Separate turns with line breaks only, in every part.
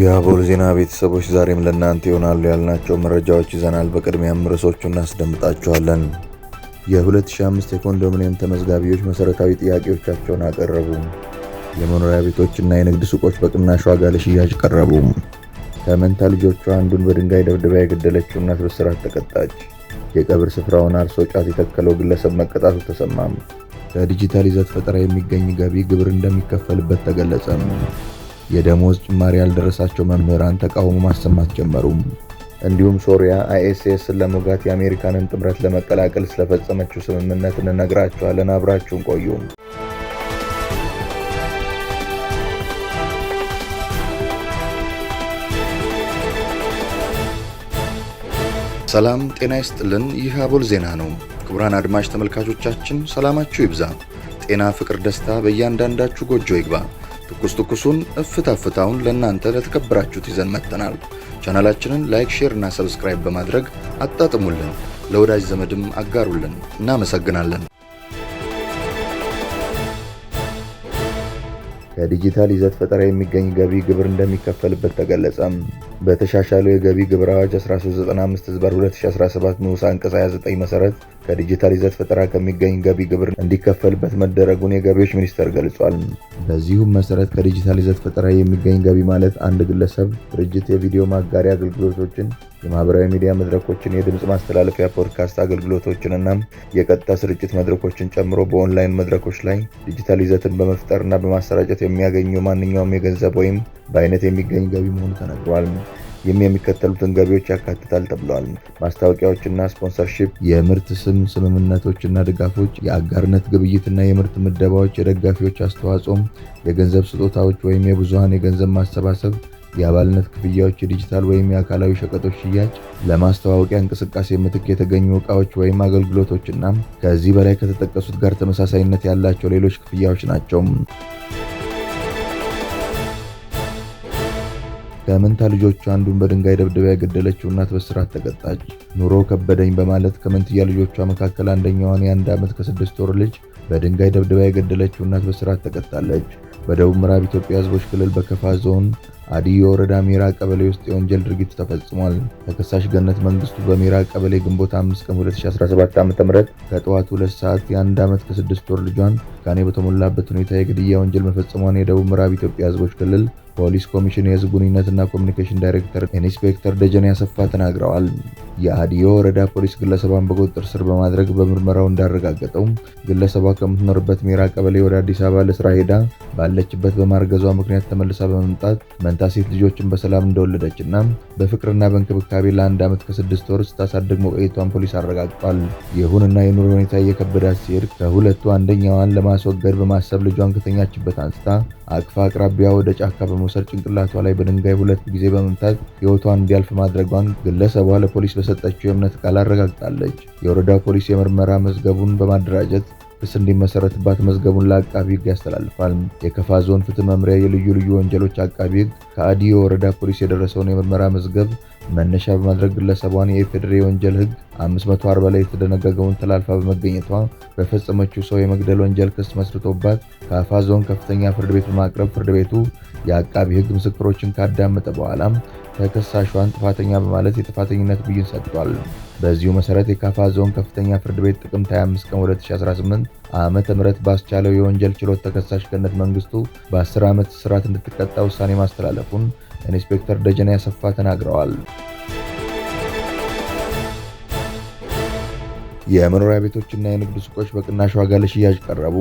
የአቦል ዜና ቤተሰቦች ዛሬም ለእናንተ ይሆናሉ ያልናቸው መረጃዎች ይዘናል። በቅድሚያም ርዕሶቹ እናስደምጣችኋለን። የ2005 የኮንዶሚኒየም ተመዝጋቢዎች መሠረታዊ ጥያቄዎቻቸውን አቀረቡ። የመኖሪያ ቤቶችና የንግድ ሱቆች በቅናሽ ዋጋ ለሽያጭ ቀረቡ። ከመንታ ልጆቿ አንዱን በድንጋይ ደብድባ የገደለችው እናት በእስራት ተቀጣች። የቀብር ስፍራውን አርሶ ጫት የተከለው ግለሰብ መቀጣቱ ተሰማም። ለዲጂታል ይዘት ፈጠራ የሚገኝ ገቢ ግብር እንደሚከፈልበት ተገለጸም። የደሞዝ ጭማሪ ያልደረሳቸው መምህራን ተቃውሞ ማሰማት ጀመሩ። እንዲሁም ሶሪያ አይኤስኤስን ለመውጋት የአሜሪካንን ጥምረት ለመቀላቀል ስለፈጸመችው ስምምነት እንነግራችኋለን። አብራችሁን ቆዩ። ሰላም ጤና ይስጥልን። ይህ አቦል ዜና ነው። ክቡራን አድማጭ ተመልካቾቻችን ሰላማችሁ ይብዛ፣ ጤና፣ ፍቅር፣ ደስታ በእያንዳንዳችሁ ጎጆ ይግባ። ትኩስ ትኩሱን እፍታ ፍታውን ለእናንተ ለተከበራችሁት ይዘን መጥተናል። ቻናላችንን ላይክ፣ ሼር እና ሰብስክራይብ በማድረግ አጣጥሙልን፣ ለወዳጅ ዘመድም አጋሩልን። እናመሰግናለን። ከዲጂታል ይዘት ፈጠራ የሚገኝ ገቢ ግብር እንደሚከፈልበት ተገለጸ። በተሻሻለው የገቢ ግብር አዋጅ 1395 2017 ንዑስ አንቀጽ 29 መሰረት ከዲጂታል ይዘት ፈጠራ ከሚገኝ ገቢ ግብር እንዲከፈልበት መደረጉን የገቢዎች ሚኒስቴር ገልጿል። በዚሁም መሰረት ከዲጂታል ይዘት ፈጠራ የሚገኝ ገቢ ማለት አንድ ግለሰብ፣ ድርጅት የቪዲዮ ማጋሪያ አገልግሎቶችን፣ የማህበራዊ ሚዲያ መድረኮችን፣ የድምፅ ማስተላለፊያ ፖድካስት አገልግሎቶችንና የቀጥታ ስርጭት መድረኮችን ጨምሮ በኦንላይን መድረኮች ላይ ዲጂታል ይዘትን በመፍጠርና በማሰራጨት የሚያገኘው ማንኛውም የገንዘብ ወይም በአይነት የሚገኝ ገቢ መሆኑ ተነግሯል። ይህም የሚከተሉትን ገቢዎች ያካትታል ተብለዋል። ማስታወቂያዎችና ስፖንሰርሺፕ፣ የምርት ስም ስምምነቶችና ድጋፎች፣ የአጋርነት ግብይትና የምርት ምደባዎች፣ የደጋፊዎች አስተዋጽኦም፣ የገንዘብ ስጦታዎች ወይም የብዙሃን የገንዘብ ማሰባሰብ የአባልነት ክፍያዎች፣ የዲጂታል ወይም የአካላዊ ሸቀጦች ሽያጭ፣ ለማስተዋወቂያ እንቅስቃሴ ምትክ የተገኙ እቃዎች ወይም አገልግሎቶችና ከዚህ በላይ ከተጠቀሱት ጋር ተመሳሳይነት ያላቸው ሌሎች ክፍያዎች ናቸው። ከመንታ ልጆቿ አንዱን በድንጋይ ደብድባ የገደለችው እናት በስራት ተቀጣች። ኑሮ ከበደኝ በማለት ከመንትያ ልጆቿ መካከል አንደኛዋን የአንድ ዓመት ከስድስት ወር ልጅ በድንጋይ ደብድባ የገደለችው እናት በስራት ተቀጣለች። በደቡብ ምዕራብ ኢትዮጵያ ህዝቦች ክልል በከፋ ዞን አዲዮ ወረዳ ሜራ ቀበሌ ውስጥ የወንጀል ድርጊት ተፈጽሟል። ተከሳሽ ገነት መንግስቱ በሜራ ቀበሌ ግንቦት 5 ቀን 2017 ም ከጠዋቱ ሁለት ሰዓት የአንድ ዓመት ከስድስት ወር ልጇን ጋኔ በተሞላበት ሁኔታ የግድያ ወንጀል መፈጸሟን የደቡብ ምዕራብ ኢትዮጵያ ህዝቦች ክልል ፖሊስ ኮሚሽን የህዝብ ግንኙነትና ኮሚኒኬሽን ዳይሬክተር ኢንስፔክተር ደጀኔ አሰፋ ተናግረዋል። የአዲዮ ወረዳ ፖሊስ ግለሰቧን በቁጥጥር ስር በማድረግ በምርመራው እንዳረጋገጠው ግለሰቧ ከምትኖርበት ሜራ ቀበሌ ወደ አዲስ አበባ ለስራ ሄዳ ባለችበት በማርገዟ ምክንያት ተመልሳ በመምጣት መንታ ሴት ልጆችን በሰላም እንደወለደችና በፍቅርና በእንክብካቤ ለአንድ ዓመት ከስድስት ወር ስታሳድግ መቆየቷን ፖሊስ አረጋግጧል። ይሁንና የኑሮ ሁኔታ እየከበዳት ሲሄድ ከሁለቱ አንደኛዋን ለማስወገድ በማሰብ ልጇን ከተኛችበት አንስታ አቅፋ አቅራቢያ ወደ ጫካ በመውሰድ ጭንቅላቷ ላይ በድንጋይ ሁለት ጊዜ በመምታት ህይወቷን እንዲያልፍ ማድረጓን ግለሰቧ ለፖሊስ በሰጠችው የእምነት ቃል አረጋግጣለች። የወረዳ ፖሊስ የምርመራ መዝገቡን በማደራጀት ክስ እንዲመሰረትባት መዝገቡን ለአቃቢ ህግ ያስተላልፋል። የከፋ ዞን ፍትህ መምሪያ የልዩ ልዩ ወንጀሎች አቃቢ ህግ ከአዲ የወረዳ ፖሊስ የደረሰውን የምርመራ መዝገብ መነሻ በማድረግ ግለሰቧን የኢፌዴሪ የወንጀል ህግ 540 ላይ የተደነገገውን ተላልፋ በመገኘቷ በፈጸመችው ሰው የመግደል ወንጀል ክስ መስርቶባት ከአፋ ዞን ከፍተኛ ፍርድ ቤት በማቅረብ ፍርድ ቤቱ የአቃቢ ህግ ምስክሮችን ካዳመጠ በኋላ ተከሳሿን ጥፋተኛ በማለት የጥፋተኝነት ብይን ሰጥቷል። በዚሁ መሰረት የካፋ ዞን ከፍተኛ ፍርድ ቤት ጥቅምት 25 ቀን 2018 ዓመተ ምህረት ባስቻለው የወንጀል ችሎት ተከሳሽ ገነት መንግስቱ በ10 ዓመት እስራት እንድትቀጣ ውሳኔ ማስተላለፉን ኢንስፔክተር ደጀኔ ያሰፋ ተናግረዋል። የመኖሪያ ቤቶችና የንግድ ሱቆች በቅናሽ ዋጋ ለሽያጭ ቀረቡ።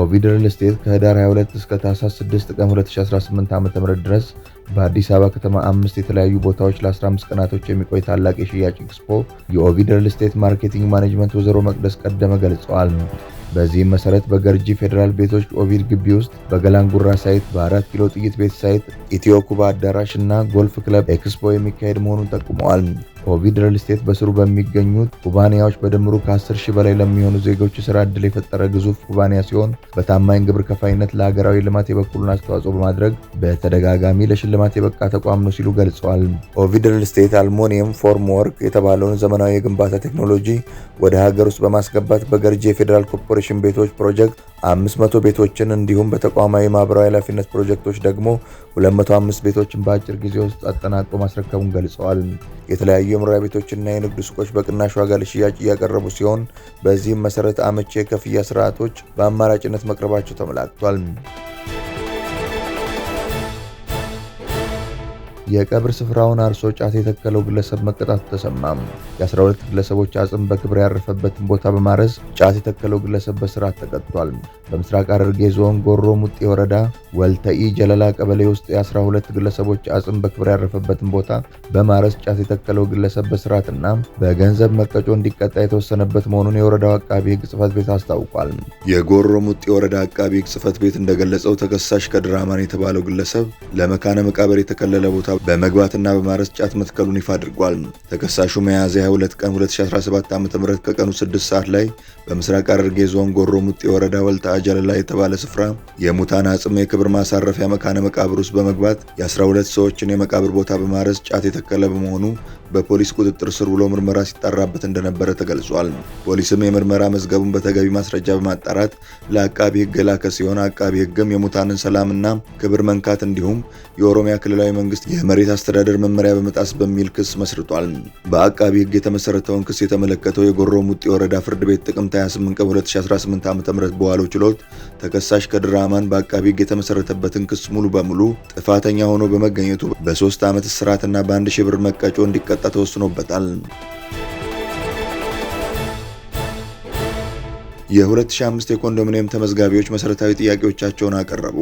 ኦቪድ ሪል ስቴት ከህዳር 22 እስከ ታህሳስ 6 ቀን 2018 ዓ.ም ድረስ በአዲስ አበባ ከተማ አምስት የተለያዩ ቦታዎች ለ15 ቀናቶች የሚቆይ ታላቅ የሽያጭ ኤክስፖ የኦቪድ ሪል ስቴት ማርኬቲንግ ማኔጅመንት ወይዘሮ መቅደስ ቀደመ ገልጸዋል። በዚህም መሰረት በገርጂ ፌዴራል ቤቶች ኦቪድ ግቢ ውስጥ በገላንጉራ ሳይት፣ በአራት ኪሎ ጥይት ቤት ሳይት፣ ኢትዮ ኩባ አዳራሽ እና ጎልፍ ክለብ ኤክስፖ የሚካሄድ መሆኑን ጠቁመዋል። ኮቪድ ሪል ስቴት በስሩ በሚገኙት ኩባንያዎች በድምሩ ከ10 ሺህ በላይ ለሚሆኑ ዜጎች ስራ ዕድል የፈጠረ ግዙፍ ኩባንያ ሲሆን በታማኝ ግብር ከፋይነት ለሀገራዊ ልማት የበኩሉን አስተዋጽኦ በማድረግ በተደጋጋሚ ለሽልማት የበቃ ተቋም ነው ሲሉ ገልጸዋል። ኮቪድ ሪል ስቴት አልሞኒየም ፎርም ወርክ የተባለውን ዘመናዊ የግንባታ ቴክኖሎጂ ወደ ሀገር ውስጥ በማስገባት በገርጂ የፌዴራል ኮርፖሬሽን ቤቶች ፕሮጀክት 500 ቤቶችን እንዲሁም በተቋማዊ ማህበራዊ ኃላፊነት ፕሮጀክቶች ደግሞ 205 ቤቶችን በአጭር ጊዜ ውስጥ አጠናቆ ማስረከቡን ገልጸዋል። የተለያዩ የመኖሪያ ቤቶችና የንግድ ሱቆች በቅናሽ ዋጋ ለሽያጭ እያቀረቡ ሲሆን በዚህም መሰረት አመቺ የክፍያ ስርዓቶች በአማራጭነት መቅረባቸው ተመላክቷል። የቀብር ስፍራውን አርሶ ጫት የተከለው ግለሰብ መቀጣት ተሰማም። የ12 ግለሰቦች አጽም በክብር ያረፈበትን ቦታ በማረስ ጫት የተከለው ግለሰብ በስርዓት ተቀጥቷል። በምስራቅ ሐረርጌ ዞን ጎሮ ሙጤ ወረዳ ወልተኢ ጀለላ ቀበሌ ውስጥ የ12 ግለሰቦች አጽም በክብር ያረፈበትን ቦታ በማረስ ጫት የተከለው ግለሰብ በስርዓትና በገንዘብ መቀጮ እንዲቀጣ የተወሰነበት መሆኑን የወረዳው አቃቢ ህግ ጽፈት ቤት አስታውቋል። የጎሮ ሙጤ ወረዳ አቃቢ ህግ ጽፈት ቤት እንደገለጸው ተከሳሽ ከድራማን የተባለው ግለሰብ ለመካነ መቃብር የተከለለ ቦታ በመግባትና በማረስ ጫት መትከሉን ይፋ አድርጓል። ተከሳሹ ሚያዝያ 22 ቀን 2017 .ም ከቀኑ 6 ሰዓት ላይ በምስራቅ ሐረርጌ ዞን ጎሮ ሙጤ ወረዳ ወልታ ጀለላ የተባለ ስፍራ የሙታን አጽም የክብር ማሳረፊያ መካነ መቃብር ውስጥ በመግባት የ12 ሰዎችን የመቃብር ቦታ በማረስ ጫት የተከለ በመሆኑ በፖሊስ ቁጥጥር ስር ውሎ ምርመራ ሲጣራበት እንደነበረ ተገልጿል። ፖሊስም የምርመራ መዝገቡን በተገቢ ማስረጃ በማጣራት ለአቃቢ ሕግ የላከ ሲሆን አቃቢ ሕግም የሙታንን ሰላምና ክብር መንካት እንዲሁም የኦሮሚያ ክልላዊ መንግስት የመሬት አስተዳደር መመሪያ በመጣስ በሚል ክስ መስርቷል። በአቃቢ ሕግ የተመሰረተውን ክስ የተመለከተው የጎሮ ሙጤ ወረዳ ፍርድ ቤት ጥቅምት ቀጣይ 28 ቀን 2018 ዓ.ም በዋለው ችሎት ተከሳሽ ከድር አማን በአቃቢ የተመሰረተበትን ክስ ሙሉ በሙሉ ጥፋተኛ ሆኖ በመገኘቱ በሶስት ዓመት እስራትና በአንድ ሺህ ብር መቀጮ እንዲቀጣ ተወስኖበታል። የ2005 የኮንዶሚኒየም ተመዝጋቢዎች መሰረታዊ ጥያቄዎቻቸውን አቀረቡ።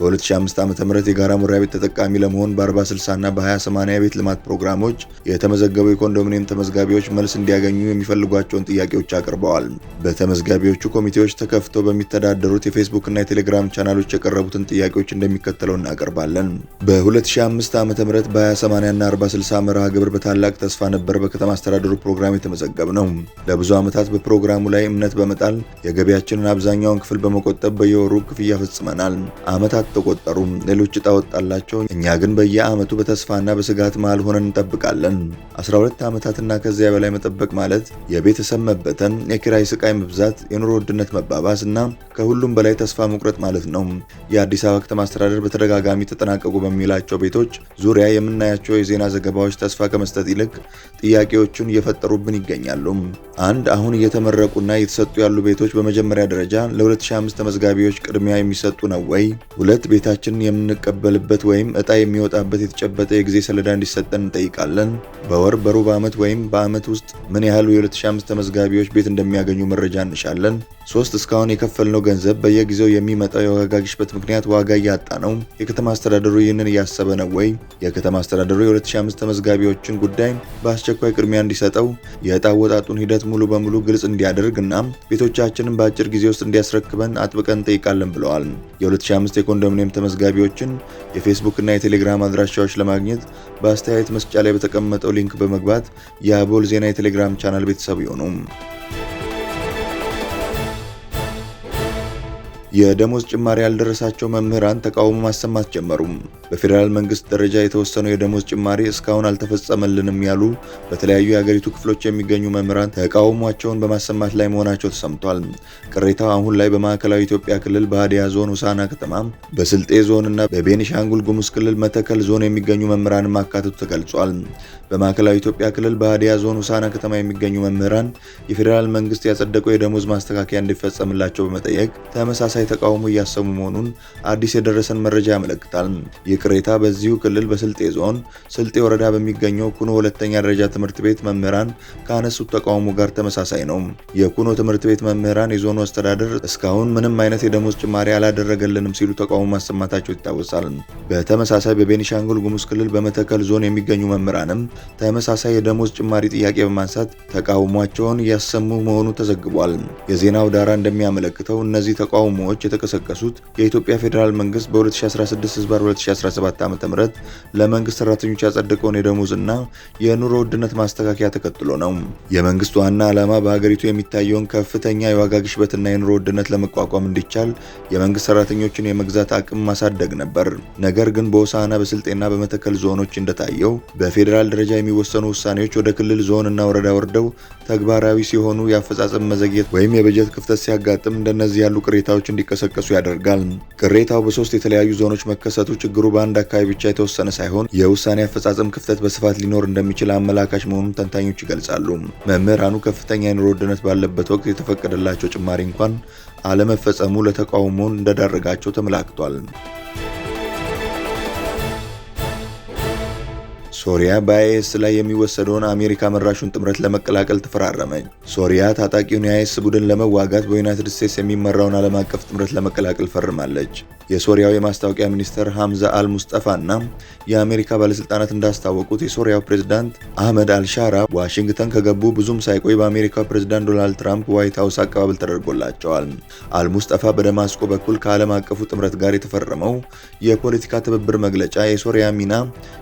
በ2005 ዓ ም የጋራ መኖሪያ ቤት ተጠቃሚ ለመሆን በ40/60 እና በ20/80 የቤት ልማት ፕሮግራሞች የተመዘገቡ የኮንዶሚኒየም ተመዝጋቢዎች መልስ እንዲያገኙ የሚፈልጓቸውን ጥያቄዎች አቅርበዋል። በተመዝጋቢዎቹ ኮሚቴዎች ተከፍተው በሚተዳደሩት የፌስቡክ እና የቴሌግራም ቻናሎች የቀረቡትን ጥያቄዎች እንደሚከተለው እናቀርባለን። በ2005 ዓ ም በ20/80 እና 40/60 መርሃ ግብር በታላቅ ተስፋ ነበር በከተማ አስተዳደሩ ፕሮግራም የተመዘገብ ነው። ለብዙ ዓመታት በፕሮግራሙ ላይ እምነት በመጣል የገቢያችንን አብዛኛውን ክፍል በመቆጠብ በየወሩ ክፍያ ፈጽመናል። አመታት ተቆጠሩም፣ ሌሎች እጣ ወጣላቸው። እኛ ግን በየአመቱ በተስፋና በስጋት መሃል ሆነን እንጠብቃለን። 12 ዓመታትና ከዚያ በላይ መጠበቅ ማለት የቤተሰብ መበተን፣ የኪራይ ስቃይ መብዛት፣ የኑሮ ውድነት መባባስ እና ከሁሉም በላይ ተስፋ መቁረጥ ማለት ነው። የአዲስ አበባ ከተማ አስተዳደር በተደጋጋሚ ተጠናቀቁ በሚላቸው ቤቶች ዙሪያ የምናያቸው የዜና ዘገባዎች ተስፋ ከመስጠት ይልቅ ጥያቄዎቹን እየፈጠሩብን ይገኛሉ። አንድ አሁን እየተመረቁና እየተሰጡ ያሉ ቤቶች ቤቶች በመጀመሪያ ደረጃ ለ 2005 ተመዝጋቢዎች ቅድሚያ የሚሰጡ ነው ወይ? ሁለት ቤታችንን የምንቀበልበት ወይም እጣ የሚወጣበት የተጨበጠ የጊዜ ሰሌዳ እንዲሰጠን እንጠይቃለን። በወር በሩብ ዓመት ወይም በዓመት ውስጥ ምን ያህሉ የ 2005 ተመዝጋቢዎች ቤት እንደሚያገኙ መረጃ እንሻለን። ሶስት እስካሁን የከፈልነው ገንዘብ በየጊዜው የሚመጣው የዋጋ ግሽበት ምክንያት ዋጋ እያጣ ነው። የከተማ አስተዳደሩ ይህንን እያሰበ ነው ወይ? የከተማ አስተዳደሩ የ 2005 ተመዝጋቢዎችን ጉዳይ በአስቸኳይ ቅድሚያ እንዲሰጠው የእጣ አወጣጡን ሂደት ሙሉ በሙሉ ግልጽ እንዲያደርግ እና ቤቶቻ ቤታችንን በአጭር ጊዜ ውስጥ እንዲያስረክበን አጥብቀን እንጠይቃለን ብለዋል። የ2005 የኮንዶሚኒየም ተመዝጋቢዎችን እና የቴሌግራም አድራሻዎች ለማግኘት በአስተያየት መስጫ ላይ በተቀመጠው ሊንክ በመግባት የአቦል ዜና የቴሌግራም ቻናል ቤተሰብ ይሆኑ። የደሞዝ ጭማሪ ያልደረሳቸው መምህራን ተቃውሞ ማሰማት ጀመሩ። በፌዴራል መንግስት ደረጃ የተወሰነው የደሞዝ ጭማሪ እስካሁን አልተፈጸመልንም ያሉ በተለያዩ የሀገሪቱ ክፍሎች የሚገኙ መምህራን ተቃውሟቸውን በማሰማት ላይ መሆናቸው ተሰምቷል። ቅሬታው አሁን ላይ በማዕከላዊ ኢትዮጵያ ክልል በሃዲያ ዞን ውሳና ከተማ፣ በስልጤ ዞን እና በቤኒሻንጉል ጉሙዝ ክልል መተከል ዞን የሚገኙ መምህራን ማካተቱ ተገልጿል። በማዕከላዊ ኢትዮጵያ ክልል በሃዲያ ዞን ውሳና ከተማ የሚገኙ መምህራን የፌዴራል መንግስት ያጸደቀው የደሞዝ ማስተካከያ እንዲፈጸምላቸው በመጠየቅ ተመሳሳይ ተቃውሞ እያሰሙ መሆኑን አዲስ የደረሰን መረጃ ያመለክታል። ይህ ቅሬታ በዚሁ ክልል በስልጤ ዞን ስልጤ ወረዳ በሚገኘው ኩኖ ሁለተኛ ደረጃ ትምህርት ቤት መምህራን ከአነሱት ተቃውሞ ጋር ተመሳሳይ ነው። የኩኖ ትምህርት ቤት መምህራን የዞኑ አስተዳደር እስካሁን ምንም አይነት የደሞዝ ጭማሪ አላደረገልንም ሲሉ ተቃውሞ ማሰማታቸው ይታወሳል። በተመሳሳይ በቤኒሻንጉል ጉሙዝ ክልል በመተከል ዞን የሚገኙ መምህራንም ተመሳሳይ የደሞዝ ጭማሪ ጥያቄ በማንሳት ተቃውሟቸውን እያሰሙ መሆኑ ተዘግቧል። የዜናው ዳራ እንደሚያመለክተው እነዚህ ተቃውሞዎች የተቀሰቀሱት የኢትዮጵያ ፌዴራል መንግስት በ2016 2017 2017 ዓ.ም ለመንግስት ሰራተኞች ያጸደቀውን የደሞዝና የኑሮ ውድነት ማስተካከያ ተከትሎ ነው። የመንግስት ዋና ዓላማ በሀገሪቱ የሚታየውን ከፍተኛ የዋጋ ግሽበትና የኑሮ ውድነት ለመቋቋም እንዲቻል የመንግስት ሰራተኞችን የመግዛት አቅም ማሳደግ ነበር። ነገር ግን በሆሳዕና በስልጤና በመተከል ዞኖች እንደታየው በፌዴራል ደረጃ የሚወሰኑ ውሳኔዎች ወደ ክልል ዞንና ወረዳ ወርደው ተግባራዊ ሲሆኑ የአፈጻጸም መዘግየት ወይም የበጀት ክፍተት ሲያጋጥም እንደነዚህ ያሉ ቅሬታዎች እንዲቀሰቀሱ ያደርጋል። ቅሬታው በሶስት የተለያዩ ዞኖች መከሰቱ ችግሩ በአንድ አካባቢ ብቻ የተወሰነ ሳይሆን የውሳኔ አፈጻጸም ክፍተት በስፋት ሊኖር እንደሚችል አመላካች መሆኑን ተንታኞች ይገልጻሉ። መምህራኑ ከፍተኛ የኑሮ ውድነት ባለበት ወቅት የተፈቀደላቸው ጭማሪ እንኳን አለመፈጸሙ ለተቃውሞውን እንደዳረጋቸው ተመላክቷል። ሶሪያ በአይኤስ ላይ የሚወሰደውን አሜሪካ መራሹን ጥምረት ለመቀላቀል ተፈራረመች። ሶሪያ ታጣቂውን የአይኤስ ቡድን ለመዋጋት በዩናይትድ ስቴትስ የሚመራውን ዓለም አቀፍ ጥምረት ለመቀላቀል ፈርማለች። የሶሪያው የማስታወቂያ ሚኒስትር ሐምዛ አል እና የአሜሪካ ባለስልጣናት እንዳስታወቁት የሶሪያው ፕሬዝዳንት አህመድ አልሻራ ዋሽንግተን ከገቡ ብዙም ሳይቆይ በአሜሪካው ፕሬዝዳንት ዶናልድ ትራምፕ ዋይት ሀውስ አቀባበል ተደርጎላቸዋል። አልሙስጠፋ በደማስቆ በኩል ከዓለም አቀፉ ጥምረት ጋር የተፈረመው የፖለቲካ ትብብር መግለጫ የሶሪያ ሚና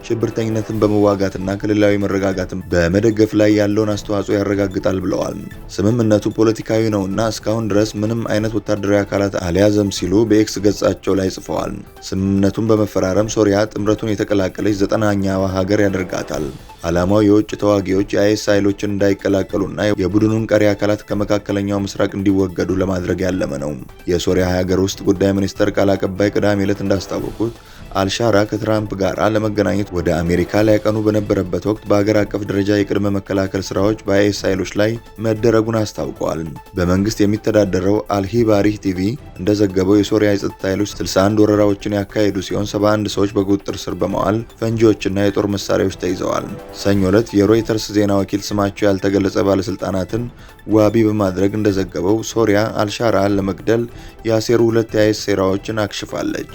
ሽብርተኝነትን በመዋጋትና ክልላዊ መረጋጋትን በመደገፍ ላይ ያለውን አስተዋጽኦ ያረጋግጣል ብለዋል። ስምምነቱ ፖለቲካዊ ነውና እስካሁን ድረስ ምንም አይነት ወታደራዊ አካላት አልያዘም ሲሉ በኤክስ ገጻቸው ላይ ጽፈዋል። ስምምነቱን በመፈራረም ሶሪያ ጥምረቱን የተቀላቀለች ዘጠናኛዋ ሀገር ያደርጋታል። ዓላማው የውጭ ተዋጊዎች የአይስ ኃይሎችን እንዳይቀላቀሉና የቡድኑን ቀሪ አካላት ከመካከለኛው ምስራቅ እንዲወገዱ ለማድረግ ያለመ ነው። የሶሪያ ሀገር ውስጥ ጉዳይ ሚኒስቴር ቃል አቀባይ ቅዳሜ ዕለት እንዳስታወቁት አልሻራ ከትራምፕ ጋር ለመገናኘት ወደ አሜሪካ ሊያቀኑ በነበረበት ወቅት በአገር አቀፍ ደረጃ የቅድመ መከላከል ስራዎች በአይኤስ ኃይሎች ላይ መደረጉን አስታውቀዋል። በመንግስት የሚተዳደረው አልሂባሪ ቲቪ እንደዘገበው የሶሪያ የጸጥታ ኃይሎች 61 ወረራዎችን ያካሄዱ ሲሆን 71 ሰዎች በቁጥጥር ስር በመዋል ፈንጂዎችና የጦር መሳሪያዎች ተይዘዋል። ሰኞ ዕለት የሮይተርስ ዜና ወኪል ስማቸው ያልተገለጸ ባለስልጣናትን ዋቢ በማድረግ እንደዘገበው ሶሪያ አልሻራን ለመግደል ያሴሩ ሁለት የአይኤስ ሴራዎችን አክሽፋለች።